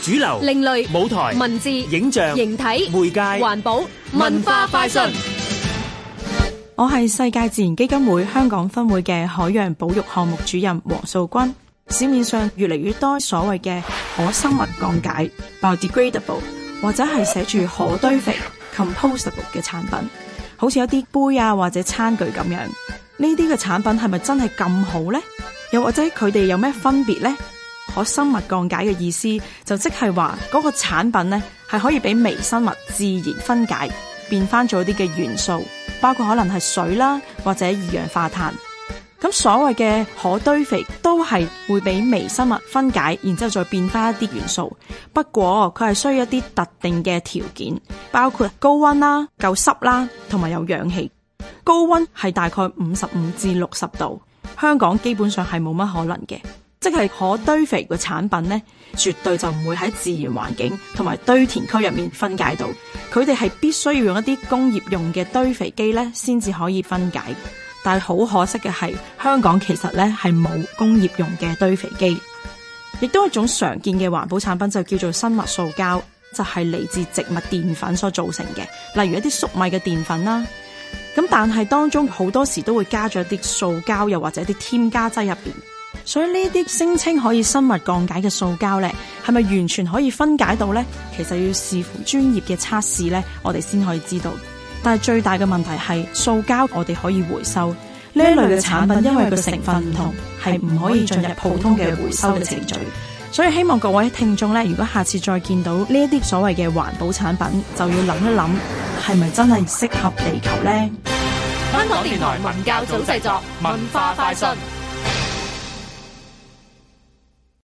主流、另類舞台、文字、影像、形體、媒介、環保、文化、快訊。我係世界自然基金會香港分會嘅海洋保育項目主任黃素君。市面上越嚟越多所謂嘅可生物降解 biodegradable 或者係寫住可堆肥 （compostable） 嘅產品，好似有啲杯啊或者餐具咁樣。呢啲嘅產品係咪真係咁好呢？又或者佢哋有咩分別呢？可生物降解嘅意思就即係話嗰個產品咧係可以俾微生物自然分解變翻咗啲嘅元素，包括可能係水啦或者二氧化碳。咁所謂嘅可堆肥都係會俾微生物分解，然之後再變翻一啲元素。不過佢係需要一啲特定嘅條件，包括高溫啦、夠濕啦同埋有氧氣。高溫係大概五十五至六十度，香港基本上係冇乜可能嘅。即係可堆肥嘅產品呢，絕對就唔會喺自然環境同埋堆填區入面分解到。佢哋係必須要用一啲工業用嘅堆肥機呢先至可以分解。但係好可惜嘅係，香港其實呢係冇工業用嘅堆肥機。亦都有一種常見嘅環保產品，就叫做生物塑膠，就係嚟自植物澱粉所造成嘅，例如一啲粟米嘅澱粉啦。咁但係當中好多時都會加咗一啲塑膠，又或者啲添加劑入邊。所以呢啲聲稱可以生物降解嘅塑膠呢，係咪完全可以分解到呢？其實要視乎專業嘅測試呢，我哋先可以知道。但係最大嘅問題係塑膠，我哋可以回收呢一類嘅產品因，因為個成分唔同，係唔可以進入普通嘅回收嘅程序。所以希望各位聽眾呢，如果下次再見到呢一啲所謂嘅環保產品，就要諗一諗係咪真係適合地球呢？香港電台文教組製作文化快訊。